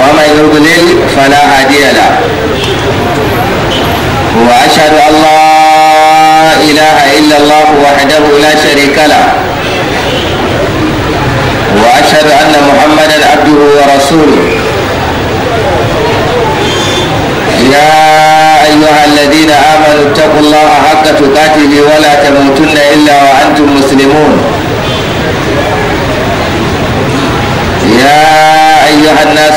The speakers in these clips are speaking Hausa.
وما يضلل فلا هادي له وأشهد أن لا إله إلا الله وحده لا شريك له وأشهد أن محمدا عبده ورسوله يا أيها الذين آمنوا اتقوا الله حق تقاته ولا تموتن إلا وأنتم مسلمون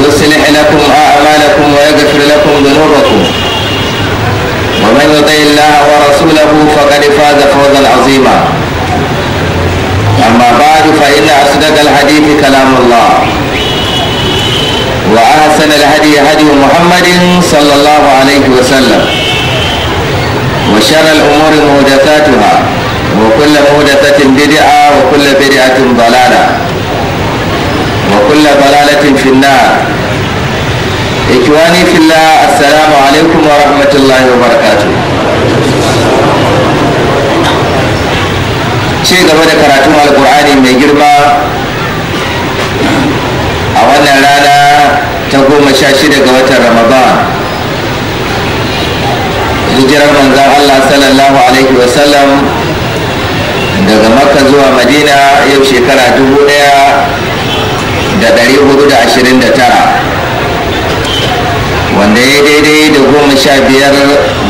يصلح لكم أعمالكم ويغفر لكم ذنوبكم ومن يطع الله ورسوله فقد فاز فوزا عظيما أما بعد فإن أصدق الحديث كلام الله وأحسن الهدي هدي محمد صلى الله عليه وسلم وشر الأمور محدثاتها وكل محدثة بدعة وكل بدعة ضلالة وكل ضلالة في النار إخواني في الله السلام عليكم ورحمة الله وبركاته شيء game da karatun alkur'ani mai girma a wannan rana ta goma sha shida ga watan ramadan hijirar manzan allah sallallahu alaihi wasallam daga maka zuwa madina yau shekara dubu ɗaya da ɗari hudu da ashirin da tara wanda ya daidai da goma sha biyar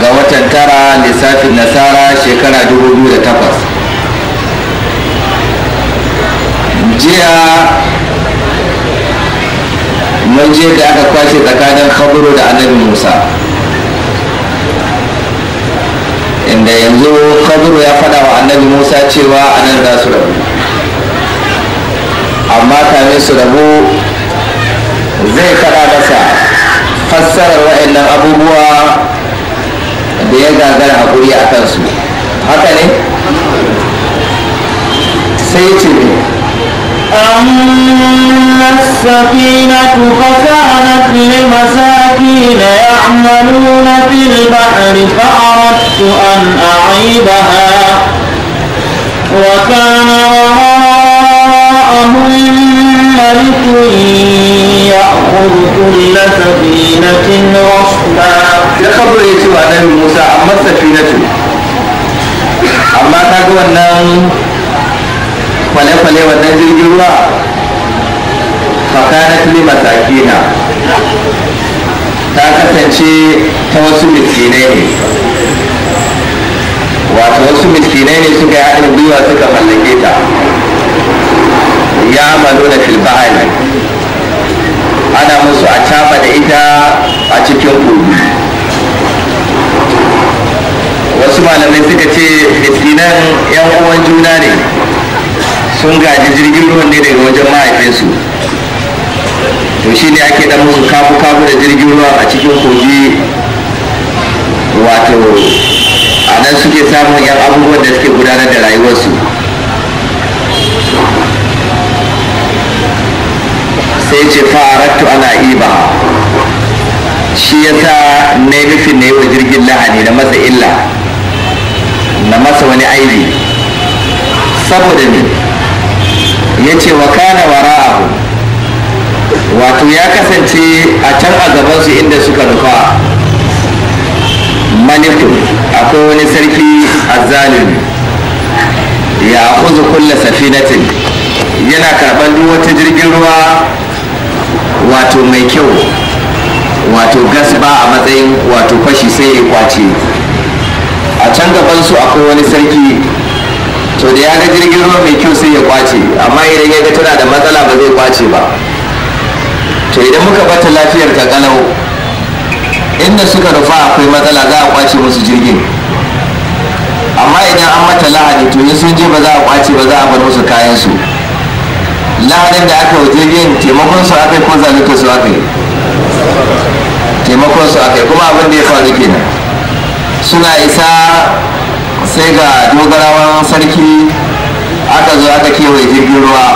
ga watan tara lissafin nasara shekara dubu biyu da takwas jiya mun je da aka kwashe tsakanin khaburu da annabi musa inda yanzu khaburu ya faɗawa wa annabi musa cewa anan za su rabu amma kamin su rabu zai faɗa masa fassarar waɗannan abubuwa da ya gagara haƙuri a kansu haka ne sai ya ce أما السفينة فكانت لمساكين يعملون في البحر فأردت أن أعيبها وكان وراء معهم ملك يأخذ كل سفينة غصبا ya kabro ya musa amma safinatu amma ta ga wannan kwale-kwale wannan jirgin ruwa fakanat li masakina ta kasance ta wasu miskinai ne wasu miskinai ne suka yi gwiwa suka mallake ta ya malo da filbahari ana musu a caba da ita a cikin kogi wasu malamai suka ce fitinan yan uwan juna ne sun gaji jirgin ruwan ne daga wajen mahaifinsu to shi ne ake dan musu kafu-kafu da jirgin ruwa a cikin kogi wato a nan suke samun yan abubuwan da suke gudanar da rayuwarsu sai ce fa'arattu ana iba shi ya sa na yi nufin na yi wa jirgin lahani na masa illa na masa wani aibi saboda ne ya ce wa kana ra'ahu wato ya kasance a can a gabansu inda suka nufa manifu akwai wani sarki azzalimi ya kuzu kulla safinatin yana karɓar duk wata jirgin ruwa wato mai kyau wato gasba a matsayin wato fashi sai ya kwace a can gaban su akwai wani sarki to da ya ga jirgin ruwa mai kyau sai ya kwace amma idan ya ga tana da matsala ba zai kwace ba to idan muka bata lafiyar ta kalau inda suka rufa akwai matsala za a kwace musu jirgin amma idan an mata lahadi to in sun je ba za a kwace ba za a bar musu kayan su mutanen da aka waje yin taimakon su aka yi ko zalunta su aka yi taimakon su aka yi kuma abin da ya faru kenan suna isa sai ga dogarawan sarki aka zo aka kewaye jirgin ruwa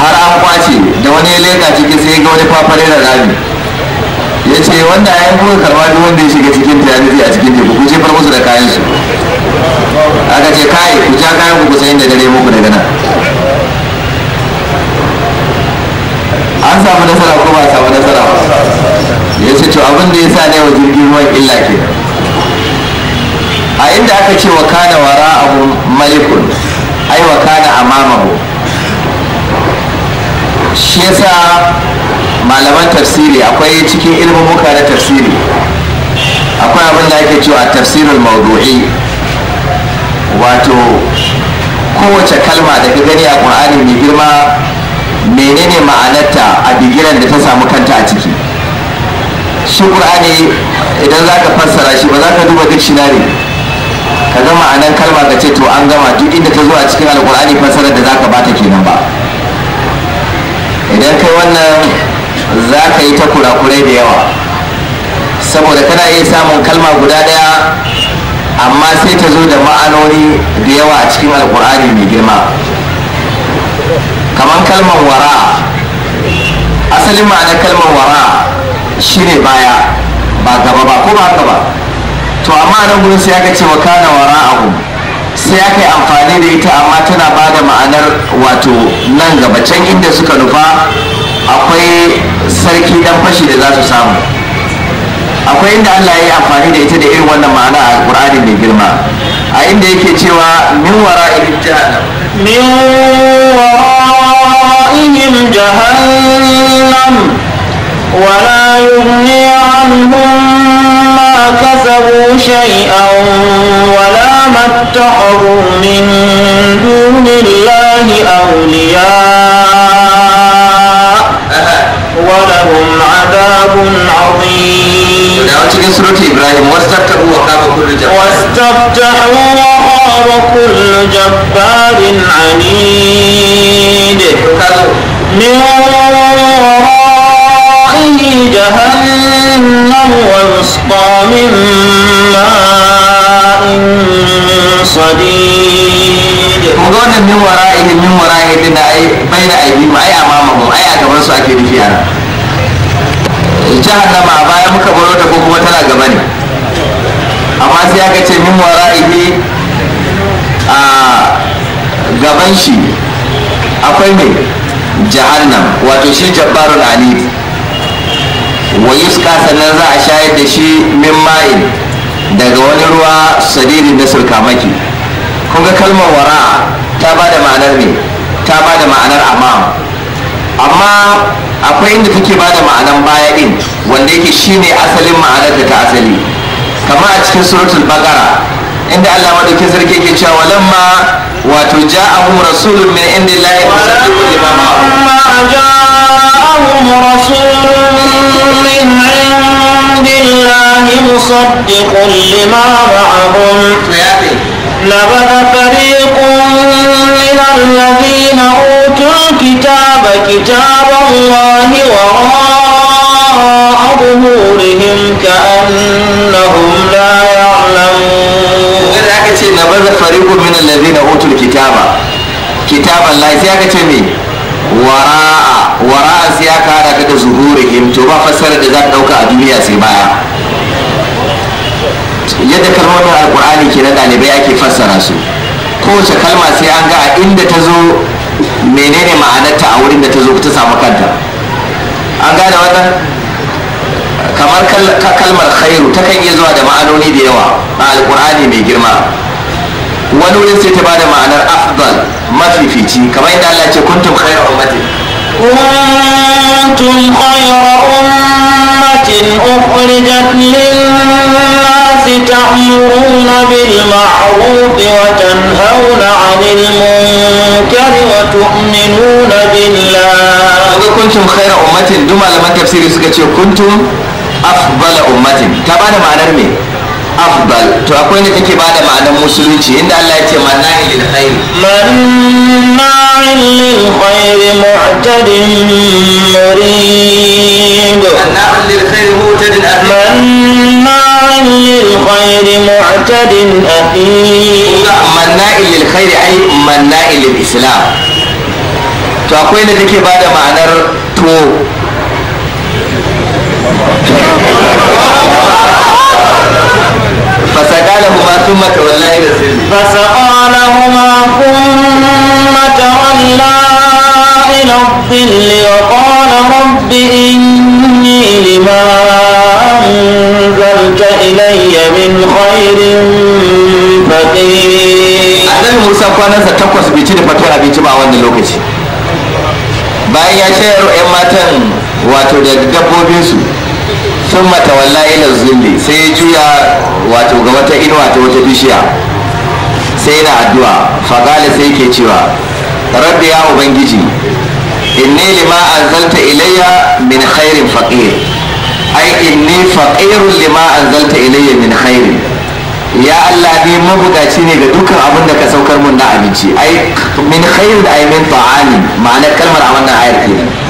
har an kwace da wani ya leka ciki sai ga wani fafare da rami ya ce wanda ya yi kuka karba duk wanda ya shiga cikin ta yanzu a cikin teku ku jefar musu da kayan su aka ce kai ku ja kayan ku kusa inda dare muku daga nan an samu nasara ko ba samu nasara ba ya ce to abin da ya sa ne wa jirgin ruwan illa ke a inda aka ce wa kana wara abu malikun ai wa kana amamahu shi yasa malaman tafsiri akwai cikin ilimin muka na tafsiri akwai abin da ake cewa tafsirul maudu'i wato kowace kalma da ka gani a ƙur'ani mai girma menene ma'anarta a digiran da ta samu kanta a ciki shi ƙur'ani idan za ka fassara shi ba za ka duba shinari ka ga ma'anar kalma ka ce to an gama duk inda ta zo a cikin alƙur'ani fassarar da za ka bata kenan ba idan kai wannan za ka yi ta kurakurai da yawa saboda kana iya samun kalma guda ɗaya amma sai ta zo da ma'anoni da yawa a cikin alƙur'ani mai girma kamar kalmar wara asalin ma'anar kalmar wara shine baya ba gaba ba ko ba haka ba to amma nan gudun sai aka ce wa kana wara abu sai aka yi amfani da ita amma tana ba da ma'anar wato nan gaba can inda suka nufa akwai sarki dan fashi da za su samu akwai inda Allah ya yi amfani da ita da irin wannan ma'ana a Qur'ani mai girma a inda yake cewa min wara min wara عليهم جهنم ولا يغني عنهم ما كسبوا شيئا ولا ما اتخذوا من دون الله أولياء ولهم عذاب عظيم واستفتحوا وكل جبار عنيد من ورائه جهنم ويسقى من ماء صديد مغونا من ورائه من ورائه دنا بين أيديهم أي أمامهم أي أكبر سأكي بفيها jahannama a baya muka baro ta ko kuma tana gaba amma sai aka ce min wara'ihi a gaban shi akwai mai jahannam wato shi Ali. alif wa yuska sannan za a shayar da shi min ma'in daga wani ruwa sadirin na sulkamaki kun kalmar wara ta ba da ma'anar ne ta ba da ma'anar amam amma akwai inda take ba da ma'anar baya din wanda yake shine asalin ma'anar da ta asali kamar a cikin suratul bakara عند الله ما ذكر كي كي شاء ولما وتجاءهم رسول من عند الله ولما جاءهم رسول من عند الله مصدق لما معهم نبذ فريق من الذين أوتوا الكتاب كتاب الله وراء ظهورهم كأنه akhadha fariqun min alladhina utul kitaba kitaban la sai aka ce me wara'a wara'a sai aka hada ka da zuhurihim to ba fassarar da za ka dauka a duniya sai baya yadda kalmomin alkur'ani ke na ɗalibai ake fassara su kowace kalma sai an ga a inda ta zo menene ma'anarta a wurin da ta zo ta samu kanta an gane wannan kamar kalmar khairu ta kan iya zuwa da ma'anoni da yawa a alkur'ani mai girma wani wurin sai ta bada ma'anar afdal mafifici kamar yadda Allah ce kuntum khayra ummatin kuntum khayra ummatin ukhrijat lin-nasi ta'muruna bil ma'ruf wa tanhauna 'anil munkar wa tu'minuna billah kuntum khayra ummatin duk malaman tafsiri suka ce kuntum afdal ummatin ta bada ma'anar me afdal to akwai ne take bada ma'anar musulunci inda Allah ya ce manna'il lil khair manna'il lil khair mu'tadin murid manna'il lil khair mu'tadin manna'il lil khair mu'tadin athim manna'il lil khair ai manna'il lil islam to akwai ne take bada ma'anar to ثم تولى إلى فسقى لهما ثم تولى إلى الظل وقال رب إني لما أنزلت إلي من خير فقير Musa kwanansa takwas bai bayan ya 'yan matan wato da dabbobinsu sun mata wallahi ila zulli sai ya juya wato ga wata inuwa ta wata bishiya sai yana addu'a faqala sai yake cewa rabbi ya ubangiji inni lima anzalta ilayya min khairin faqir ai inni faqirun lima anzalta ilayya min khairin ya Allah ne mabukaci ne ga dukkan abin da ka saukar mun na abinci ai min khairin ai min ta'ani ma'anar kalmar a wannan ayar kenan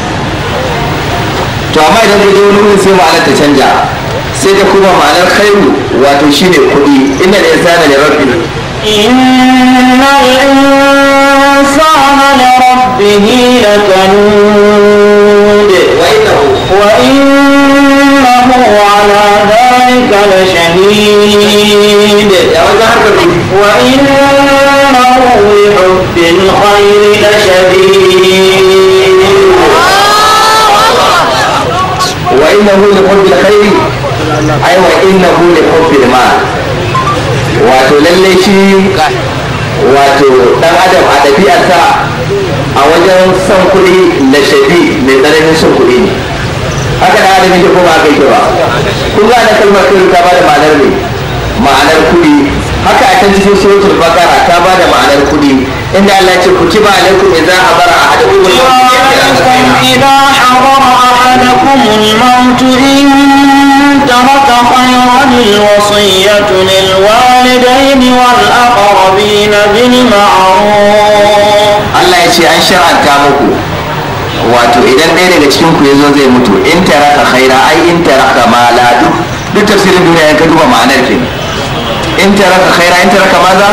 amma idan ta je wani wurin sai ma'anar ta canja sai ta kuma ma'anar khairu wato shine kuɗi inda da insana da rabbi inna al-insana li rabbih lakanud wa innahu ala dhalika lashahid wa innahu li hubbil khairi lashadid innahu li hubbil khairi ai wa innahu wato lalle shi wato dan adam a ɗabi'arsa a wajen son kuɗi na shafi mai tsananin son kuɗi ne haka da adam yake kuma aka yake ba kun ga da kalmar kai ta bada ma'anar ne ma'anar kuɗi haka a can cikin suratul baqara ta bada ma'anar kuɗi inda Allah ce ku ci ba alaikum a idza habara ahadukum أحدكم إذا حضر أحدكم الموت إن ترك خيرا الوصية للوالدين والأقربين بالمعروف Allah ya ce an shar'anta muku wato idan ɗaya daga cikin ku yazo zai mutu in taraka khaira ai in taraka mala duk duk tafsirin duniya ka duba ma'anar ke in taraka khaira in taraka maza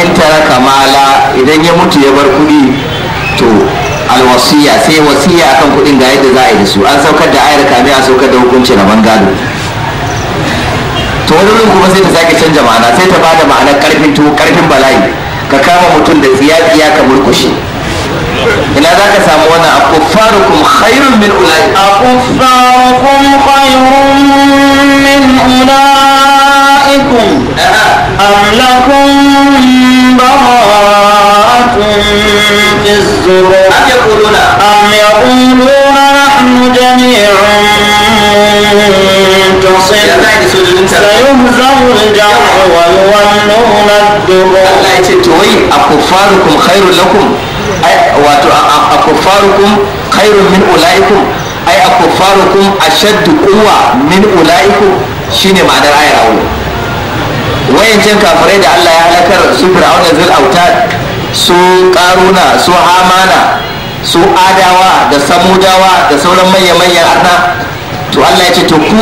in taraka mala idan ya mutu ya bar kuɗi to alwasiya sai wasiya akan kuɗin ga yadda za a yi da su an saukar da ayar kame a saukar da hukunci na gado to wani kuma sai ta sake canja ma'ana sai ta bada ma'anar karfin tuwo karfin bala'i ka kama mutum da tsiya-tsiya ka murkushe ina za ka samu wannan a kuffarukum khairun min ulai a kuffarukum khairun ya ce to wai akuffarukum khairun lakum ai wato akuffarukum khairun min ulaikum ai akuffarukum ashaddu quwwa min ulaikum shine ma'anar ayar aure wayancan kafirai da Allah ya halakar su fir'auna zul autad su karuna su hamana su adawa da samudawa da sauran manya-manyan arna to Allah ya ce to ku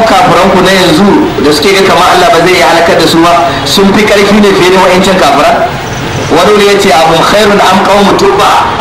ku na yanzu da suke ga kamar Allah ba zai iya halakar da su ba sun fi karfi ne fiye da wa'ancan kafiran wani ya ce abu khairun am qaumu tubba